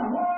Whoa! Mm-hmm.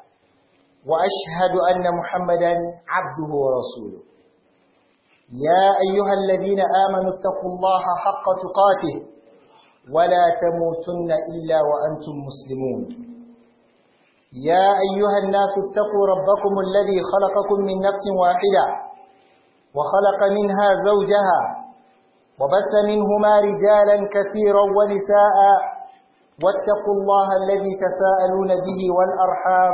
وأشهد أن محمدا عبده ورسوله يا أيها الذين آمنوا اتقوا الله حق تقاته ولا تموتن إلا وأنتم مسلمون يا أيها الناس اتقوا ربكم الذي خلقكم من نفس واحدة وخلق منها زوجها وبث منهما رجالا كثيرا ونساء واتقوا الله الذي تساءلون به والأرحام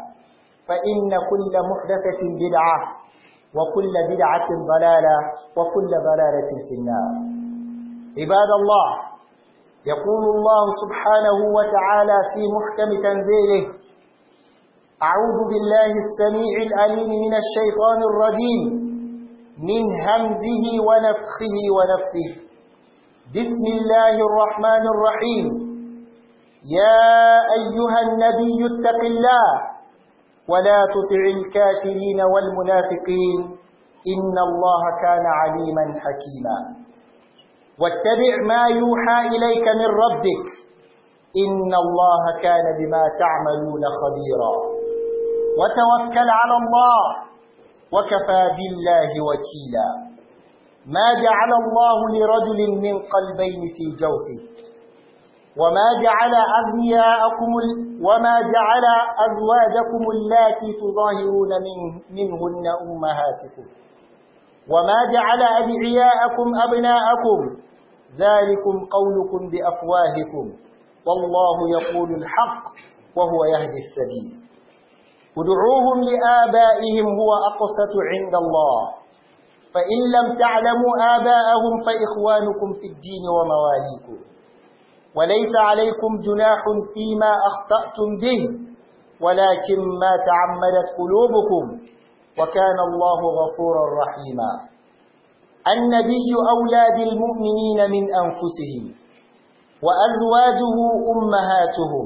فإن كل محدثة بدعة وكل بدعة ضلالة وكل ضلالة في النار عباد الله يقول الله سبحانه وتعالى في محكم تنزيله أعوذ بالله السميع الأليم من الشيطان الرجيم من همزه ونفخه ونفخه بسم الله الرحمن الرحيم يا أيها النبي اتق الله ولا تطع الكافرين والمنافقين إن الله كان عليما حكيما واتبع ما يوحى إليك من ربك إن الله كان بما تعملون خبيرا وتوكل على الله وكفى بالله وكيلا ما جعل الله لرجل من قلبين في جوفه وما جعل أغنياءكم وما جعل أزواجكم اللاتي تظاهرون من منهن أمهاتكم وما جعل أدعياءكم أبناءكم ذلكم قولكم بأفواهكم والله يقول الحق وهو يهدي السبيل ادعوهم لآبائهم هو أقسط عند الله فإن لم تعلموا آباءهم فإخوانكم في الدين ومواليكم وليس عليكم جناح فيما أخطأتم به ولكن ما تعمدت قلوبكم وكان الله غفورا رحيما النبي أولى بالمؤمنين من أنفسهم وأزواجه أمهاتهم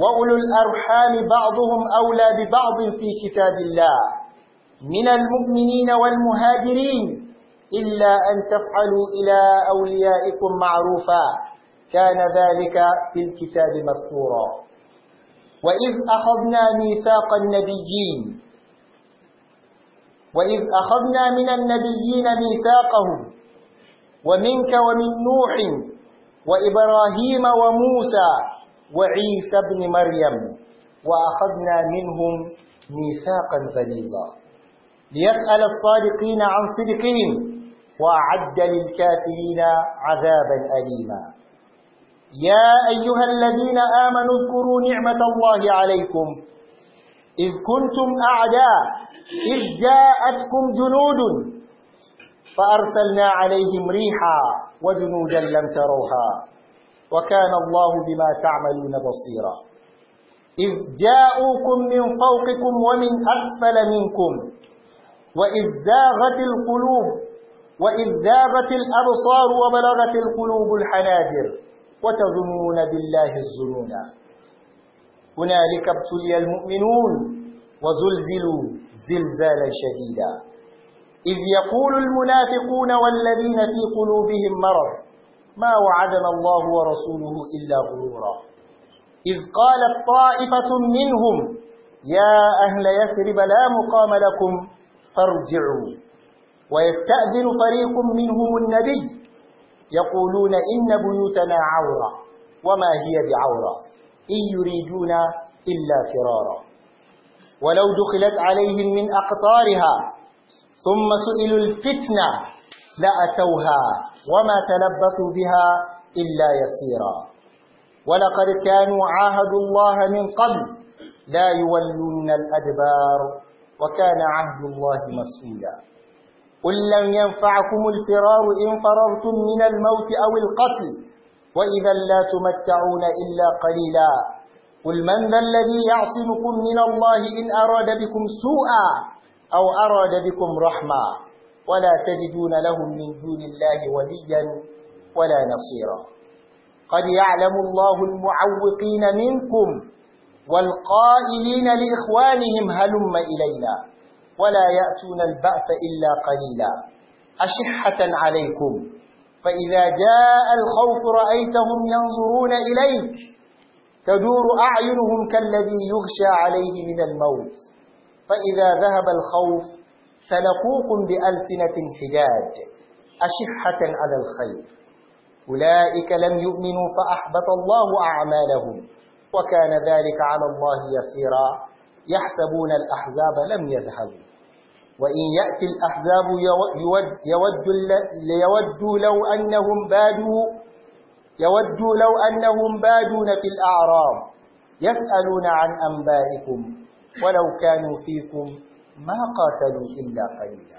وأولو الأرحام بعضهم أولى ببعض في كتاب الله من المؤمنين والمهاجرين إلا أن تفعلوا إلى أوليائكم معروفا كان ذلك في الكتاب مسطورا وإذ أخذنا ميثاق النبيين وإذ أخذنا من النبيين ميثاقهم ومنك ومن نوح وإبراهيم وموسى وعيسى بن مريم وأخذنا منهم ميثاقا غليظا ليسأل الصادقين عن صدقهم وأعد للكافرين عذابا أليما يا أيها الذين آمنوا اذكروا نعمة الله عليكم إذ كنتم أعداء إذ جاءتكم جنود فأرسلنا عليهم ريحا وجنودا لم تروها وكان الله بما تعملون بصيرا إذ جاءوكم من فوقكم ومن أسفل منكم وإذ زاغت القلوب وإذ زاغت الأبصار وبلغت القلوب الحناجر وتظنون بالله الظنونا هنالك ابتلي المؤمنون وزلزلوا زلزالا شديدا إذ يقول المنافقون والذين في قلوبهم مرض ما وعدنا الله ورسوله إلا غرورا إذ قالت طائفة منهم يا أهل يثرب لا مقام لكم فارجعوا ويستأذن فريق منهم النبي يقولون إن بيوتنا عورة وما هي بعورة إن يريدون إلا فرارا ولو دخلت عليهم من أقطارها ثم سئلوا الفتنة لأتوها وما تلبثوا بها إلا يسيرا ولقد كانوا عاهدوا الله من قبل لا يولون الأدبار وكان عهد الله مسؤولا قل لن ينفعكم الفرار إن فررتم من الموت أو القتل وإذا لا تمتعون إلا قليلا قل من ذا الذي يعصمكم من الله إن أراد بكم سوءا أو أراد بكم رحمة ولا تجدون لهم من دون الله وليا ولا نصيرا قد يعلم الله المعوقين منكم والقائلين لإخوانهم هلم إلينا ولا يأتون البأس إلا قليلا أشحة عليكم فإذا جاء الخوف رأيتهم ينظرون إليك تدور أعينهم كالذي يغشى عليه من الموت فإذا ذهب الخوف سلقوكم بألسنة حجاج أشحة على الخير أولئك لم يؤمنوا فأحبط الله أعمالهم وكان ذلك على الله يسيرا يحسبون الأحزاب لم يذهبوا وإن يأتي الأحزاب يود يود لو أنهم بادوا يودوا لو أنهم بادون في الأعراب يسألون عن أنبائكم ولو كانوا فيكم ما قاتلوا إلا قليلا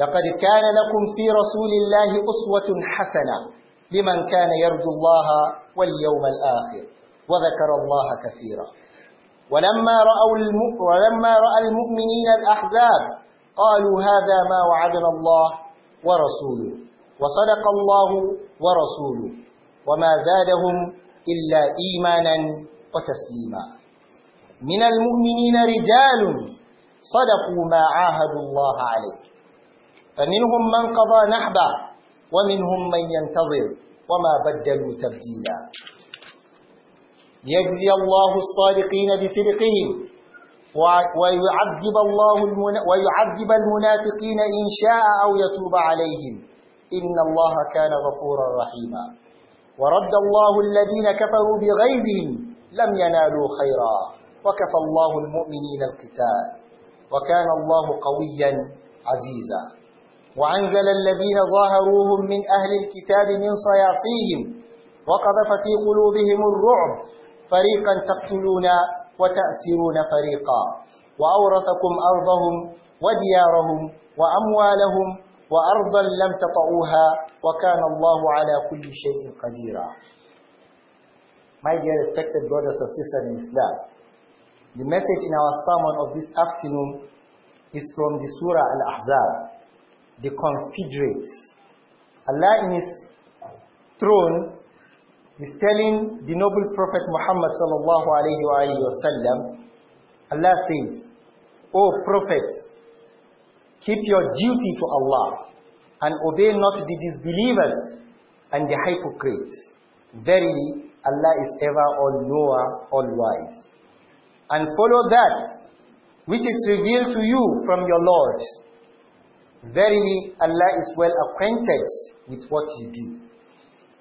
لقد كان لكم في رسول الله أسوة حسنة لمن كان يرجو الله واليوم الآخر وذكر الله كثيرا ولما رأوا ولما رأى المؤمنين الأحزاب قالوا هذا ما وعدنا الله ورسوله وصدق الله ورسوله وما زادهم إلا إيمانا وتسليما من المؤمنين رجال صدقوا ما عاهدوا الله عليه فمنهم من قضى نحبه ومنهم من ينتظر وما بدلوا تبديلا ليجزي الله الصادقين بصدقهم ويعذب الله ويعذب المنافقين إن شاء أو يتوب عليهم إن الله كان غفورا رحيما ورد الله الذين كفروا بغيظهم لم ينالوا خيرا وكفى الله المؤمنين القتال وكان الله قويا عزيزا وأنزل الذين ظاهروهم من أهل الكتاب من صياصيهم وقذف في قلوبهم الرعب فريقا تقتلون وتأسرون فريقا وأورثكم أرضهم وديارهم وأموالهم وأرضا لم تطعوها وكان الله على كل شيء قديرا My dear respected brothers and sisters in Islam, the message in our sermon of this afternoon is from the Surah Al-Ahzab, the confederates. Allah in His throne is telling the noble Prophet Muhammad sallallahu alayhi wa sallam, Allah says, O Prophet, keep your duty to Allah and obey not the disbelievers and the hypocrites. Verily, Allah is ever all-knower, all-wise. And follow that which is revealed to you from your Lord Verily, Allah is well acquainted with what you do.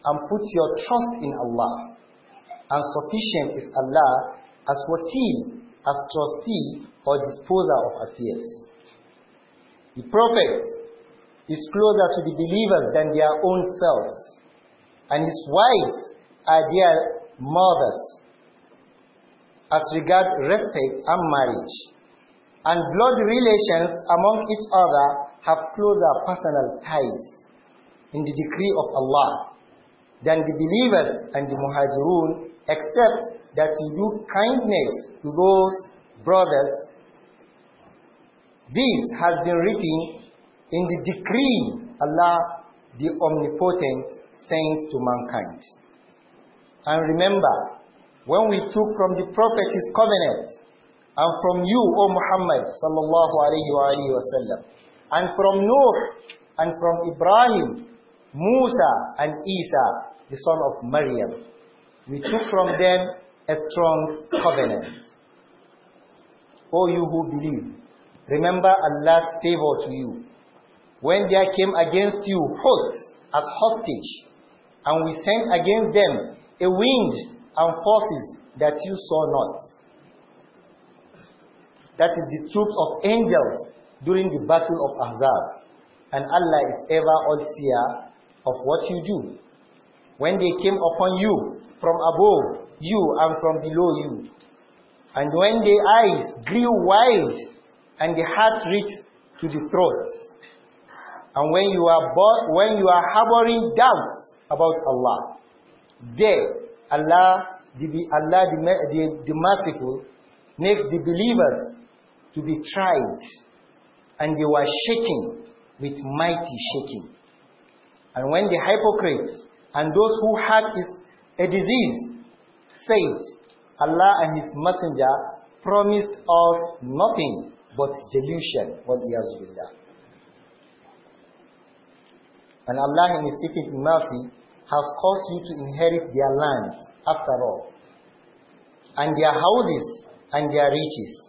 And put your trust in Allah. And sufficient is Allah as wakil, as trustee or disposer of affairs. The Prophet is closer to the believers than their own selves, and his wives are their mothers as regards respect and marriage. And blood relations among each other have closer personal ties in the decree of Allah than the believers and the muhajirun, except that you do kindness to those brothers. This has been written in the decree Allah the Omnipotent sends to mankind. And remember, when we took from the Prophet his covenant, and from you, O Muhammad sallallahu alayhi wa and from Noor and from Ibrahim, Musa, and Isa, the son of Maryam. We took from them a strong covenant. O you who believe, remember Allah's favor to you. When there came against you hosts as hostage, and we sent against them a wind and forces that you saw not. That is the troops of angels during the battle of Ahzab. And Allah is ever all-seer of what you do. When they came upon you from above, you and from below you. And when the eyes grew wild and the heart reached to the throat. And when you are when you are harboring doubts about Allah, there Allah, the, Allah the, the, the merciful, makes the believers to be tried and they were shaking with mighty shaking. And when the hypocrites and those who had a disease said, Allah and His Messenger promised us nothing but delusion. And Allah in His infinite mercy has caused you to inherit their lands after all, and their houses and their riches.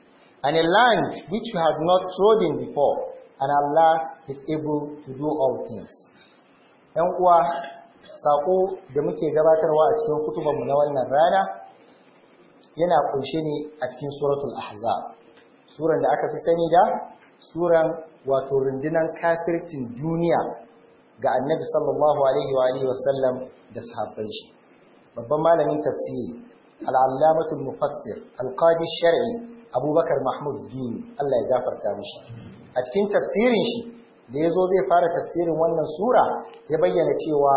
and a land which you have not trodden before, and Allah is able to do all things. uwa, saƙo da muke gabatarwa a cikin kutubanmu na wannan rana yana ƙunshe ne a cikin suratul Ahza, suran da aka fi sani da suran wato rundunar kafircin duniya ga annabi sallallahu alaihi wa wasallam da sahabban shi. Babban malamin tafsiri, al'allamatul mufassir, alƙadi shar'i abubakar mahmud dini Allah ya gafarta mishi a cikin tafsirin shi da ya zo zai fara tafsirin wannan sura ya bayyana cewa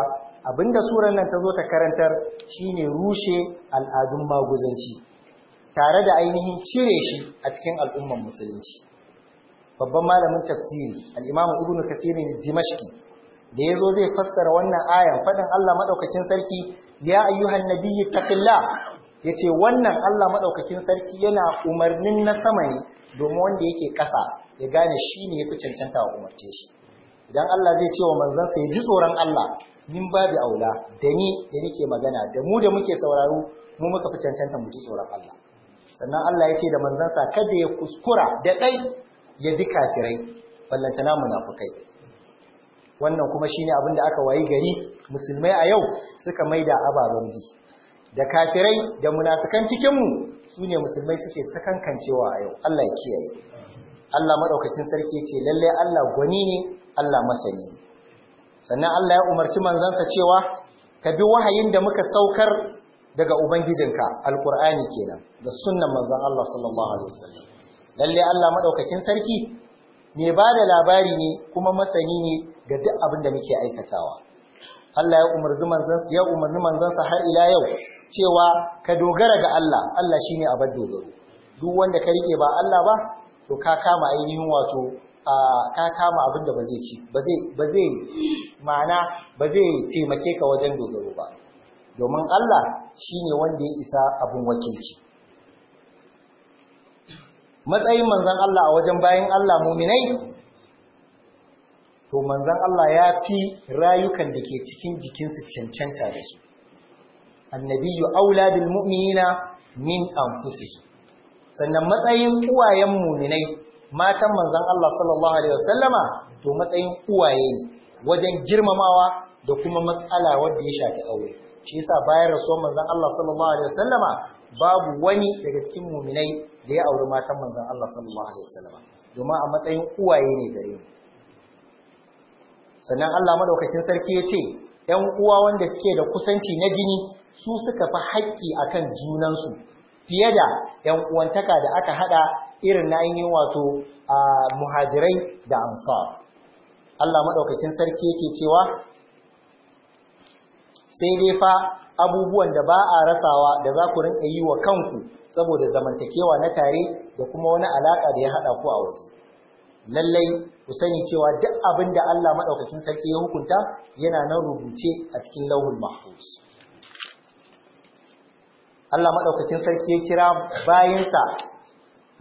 abinda surar nan ta zo ta karantar shine rushe al'adun maguzanci tare da ainihin cire shi a cikin al'umman musulunci babban malamin tafsiri al'imamu ibnu kathirin dimashki da ya zo zai fassara wannan ayan faɗin Allah maɗaukakin sarki ya ayyuhan nabiyyu taqillah ya ce wannan Allah maɗaukakin sarki yana umarnin na sama ne domin wanda yake ƙasa ya gane shi ne ya fi cancanta wa umarce shi idan Allah zai ce wa manzansa ya ji tsoron Allah nin babu aula da ni da nike magana da mu da muke sauraro mu muka fi cancanta mu ji tsoron Allah sannan Allah ya ce da manzansa kada ya kuskura da ɗai ya bi kafirai ballantana munafukai wannan kuma shine abin da aka wayi gari musulmai a yau suka maida ababen bi da kafirai da munafikan cikinmu su ne musulmai suke sakankancewa a yau Allah ya kiyaye Allah maɗaukakin sarki ce lallai Allah gwani ne Allah masani ne sannan Allah ya umarci manzansa cewa ka bi wahayin da muka saukar daga ubangijinka alkur'ani kenan da sunnan manzon Allah sallallahu alaihi wasallam Allah madaukakin sarki ne ba da labari ne kuma masani ne ga duk abin da muke aikatawa Allah ya ya umarni manzansa har ila yau cewa ka dogara ga Allah Allah shine abin dogaro duk wanda ka rike ba Allah ba to ka kama ainihin wato ka kama abin da ba zai ci ba zai ba ma'ana ba zai taimake ka wajen dogaro ba domin Allah shine wanda ya isa abin wakilci matsayin manzon Allah a wajen bayan Allah muminai to manzon Allah ya fi rayukan da ke cikin jikinsu cancanta da su annabiyu aula bil mu'minina min anfusihim sannan matsayin uwayen muminai matan manzon Allah sallallahu alaihi wasallama to matsayin uwaye ne wajen girmamawa da kuma matsala wadda ya shafi aure shi yasa bayan rasuwar manzon Allah sallallahu alaihi wasallama babu wani daga cikin muminai da ya auri matan manzon Allah sallallahu alaihi wasallama domin a matsayin uwaye ne gare mu sannan Allah madaukakin sarki ya ce ‘yan uwa wanda suke da kusanci na jini su suka fi haƙƙi kan junansu fiye da ‘yan uwantaka da aka haɗa irin na ainihin wato a muhajirai da ansar. Allah maɗaukakin sarki yake cewa sai dai fa abubuwan da ba a rasawa da za ku rinka yi wa kanku saboda zamantakewa na tare da kuma wani alaƙa da ya haɗa ku a waje. Lallai ku sani cewa duk abin da Allah maɗaukakin sarki ya hukunta yana nan rubuce a cikin lauhul mahfuz. Allah maɗaukakin sarki ya kira bayansa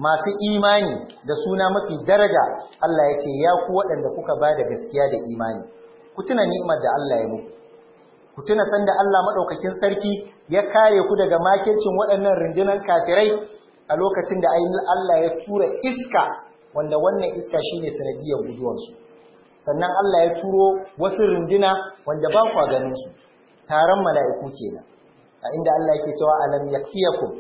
masu imani da suna mafi daraja Allah ya ce ya ku waɗanda kuka ba da gaskiya da imani ku tuna ni'imar da Allah ya muku ku tuna sanda Allah maɗaukakin sarki ya kare ku daga makircin waɗannan rundunar kafirai a lokacin da ainihin Allah ya tura iska wanda wannan iska shine sanadiyar guduwansu sannan Allah ya turo wasu runduna wanda ba kwa ganin su taron mala'iku kenan a inda Allah yake cewa alam yakfiyakum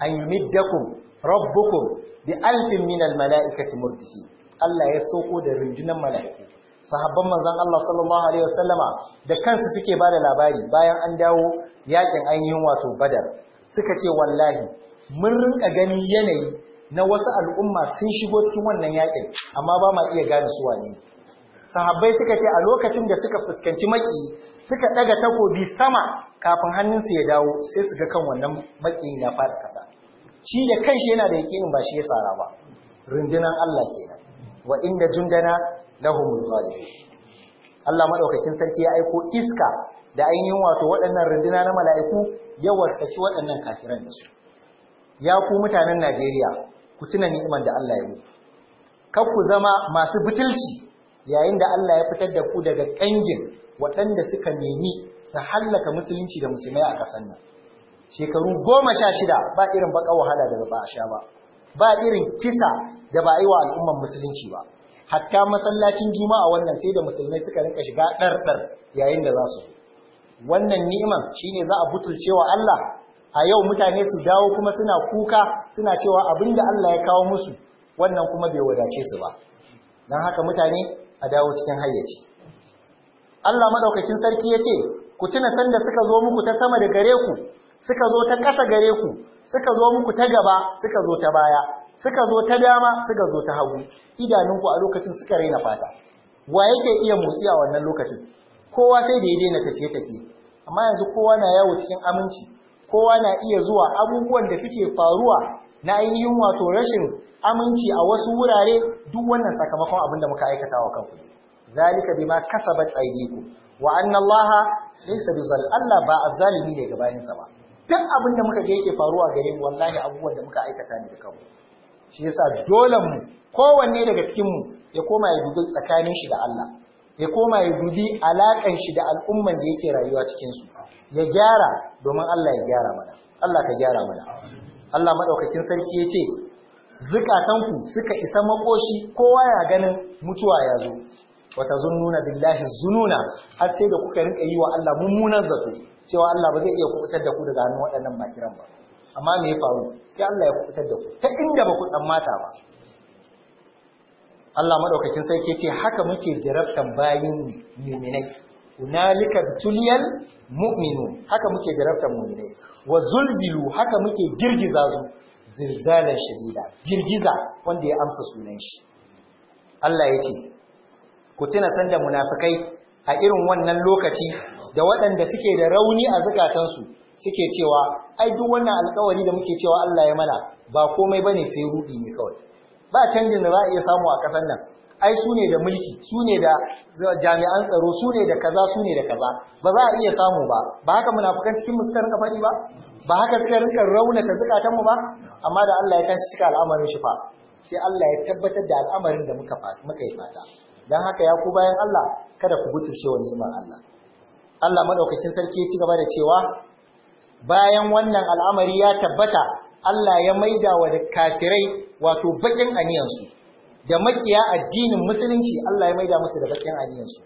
an yumiddakum rabbukum bi alfin min al mala'ikati murdifi Allah ya soko da rinjinan mala'iku sahabban manzon Allah sallallahu alaihi wasallama da kansu suke ba da labari bayan an dawo yakin ainihin wato Badar suka ce wallahi mun rinka gani yanayi na wasu al'umma sun shigo cikin wannan yakin amma ba ma iya gane su wane sahabbai suka ce a lokacin da suka fuskanci maki suka daga takobi sama kafin hannunsa ya dawo sai su ga kan wannan makiyi na fara kasa shi da kanshi yana da yakinin ba shi ya tsara ba rundunan Allah kenan wa inda jundana lahumul ghalibun Allah madaukakin sarki ya aiko iska da ainihin wato waɗannan runduna na mala'iku ya wartsaki waɗannan kafiran da su ya ku mutanen Najeriya ku tuna ni'imar da Allah ya muku kar ku zama masu butulci yayin da Allah ya fitar da ku daga ƙangin waɗanda suka nemi su hallaka musulunci da musulmai a ƙasar nan shekaru goma sha shida ba irin baƙa wahala daga ba a sha ba ba irin kisa da ba a yi wa al'ummar musulunci ba hatta masallacin juma'a wannan sai da musulmai suka rinka shiga ɗarɗar yayin da za su wannan ni'iman shine za a butulce wa Allah a yau mutane su dawo kuma suna kuka suna cewa abin da Allah ya kawo musu wannan kuma bai wadace su ba don haka mutane a dawo cikin hayyaci Allah madaukakin sarki ya ce, Ku tuna sanda suka zo muku ta sama da gare ku, suka zo ta ƙasa gare ku, suka zo muku ta gaba, suka zo ta baya, suka zo ta dama, suka zo ta hagu. Idanunku a lokacin suka raina fata. Wa yake iya motsi a wannan lokacin? Kowa sai da ya daina tafiye-tafiye. Amma yanzu kowa na yawo cikin aminci, kowa na iya zuwa abubuwan da suke faruwa na ainihin wato rashin aminci a wasu wurare duk wannan sakamakon abin da muka aikata wa kanku. zalika bima كسبت ايديكم وان الله ليس laysa الله Allah ba azzalimi ne ga bayansa ba duk abin da muka ga yake faruwa gare mu wallahi abubuwan da muka aikata ne da kanmu shi yasa dole mu kowanne daga cikin mu ya koma ya dubi tsakanin shi da Allah ya koma ya dubi alakan shi da al'umman da yake rayuwa cikin su ya gyara domin Allah ya gyara mana Allah ka gyara mana Allah madaukakin sarki yace zukatanku suka isa makoshi kowa ya ganin mutuwa ya zo wata zununa billahi zununa har sai da kuka rinka yi wa Allah mummunan zato cewa Allah ba zai iya kubutar da ku daga hannun waɗannan makiran ba amma me ya faru sai Allah ya kubutar da ku ta inda ba ku tsammata ba Allah madaukakin sarki ce haka muke jarabtan bayin mu'minai hunalika tuliyal mu'minun haka muke jarabtan mu'minai wa zulzilu haka muke girgiza su zilzalan shadida girgiza wanda ya amsa sunan shi Allah ya ce ku tuna sanda munafikai a irin wannan lokaci da waɗanda suke da rauni a zukatansu suke cewa ai duk wannan alkawari da muke cewa Allah ya mana ba komai bane sai rubi ne kawai ba canjin da za a iya samu a ƙasar nan ai su ne da mulki su ne da jami'an tsaro su ne da kaza su ne da kaza ba za a iya samu ba ba haka munafukan cikin suka rinka faɗi ba ba haka suka rinka raunata zukatanmu ba amma da Allah ya tashi cika al'amarin shi fa sai Allah ya tabbatar da al'amarin da muka muka yi fata don haka ya ku bayan Allah kada ku butulce wa neman Allah Allah madaukakin sarki ya ci gaba da cewa bayan wannan al'amari ya tabbata Allah ya maida wa kafirai wato baƙin aniyansu da makiya addinin musulunci Allah ya maida musu da baƙin aniyansu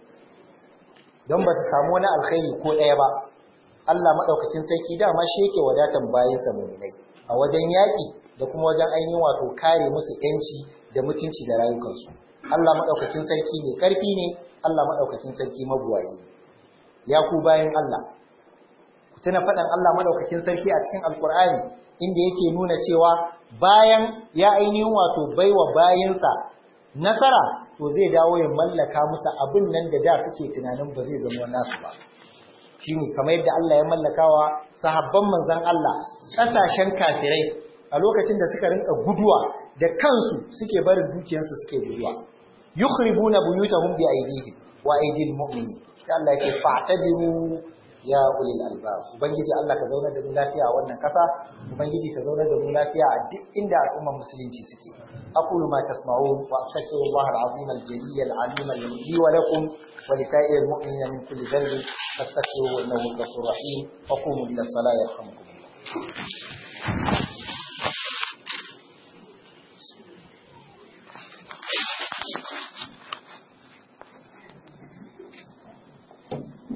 don ba su samu wani alkhairi ko ɗaya ba Allah madaukakin sarki dama shi yake wadatan bayan sa mu'minai a wajen yaƙi da kuma wajen ainihin wato kare musu 'yanci da mutunci da rayukansu Allah maɗaukakin sarki ne ƙarfi ne Allah maɗaukakin sarki mabuwayi ya ku bayan Allah ku tuna faɗan Allah maɗaukakin sarki a cikin alkur'ani inda yake nuna cewa bayan ya ainihin wato baiwa bayansa nasara to zai dawo ya mallaka musu abin nan da da suke tunanin ba zai zama nasu ba shine kamar yadda Allah ya mallaka wa sahabban manzan Allah ƙasashen kafirai a lokacin da suka rinka guduwa da kansu suke barin dukiyarsu suke guduwa yukhribuna buyutahum bi aydihim wa aydil mu'minin sai Allah yake fa'tabiru ya ulil albab ubangiji Allah ka zaunar da mu lafiya a wannan kasa ubangiji ka zaunar da mu lafiya a duk inda al'ummar musulunci suke aqulu ma tasma'un wa astaghfirullah al-azim al-jalil al-alim li wa lakum wa li sa'iril mu'minina min kulli dhanbin fastaghfiruhu innahu ghafurur rahim wa qumu ila salati yarhamukum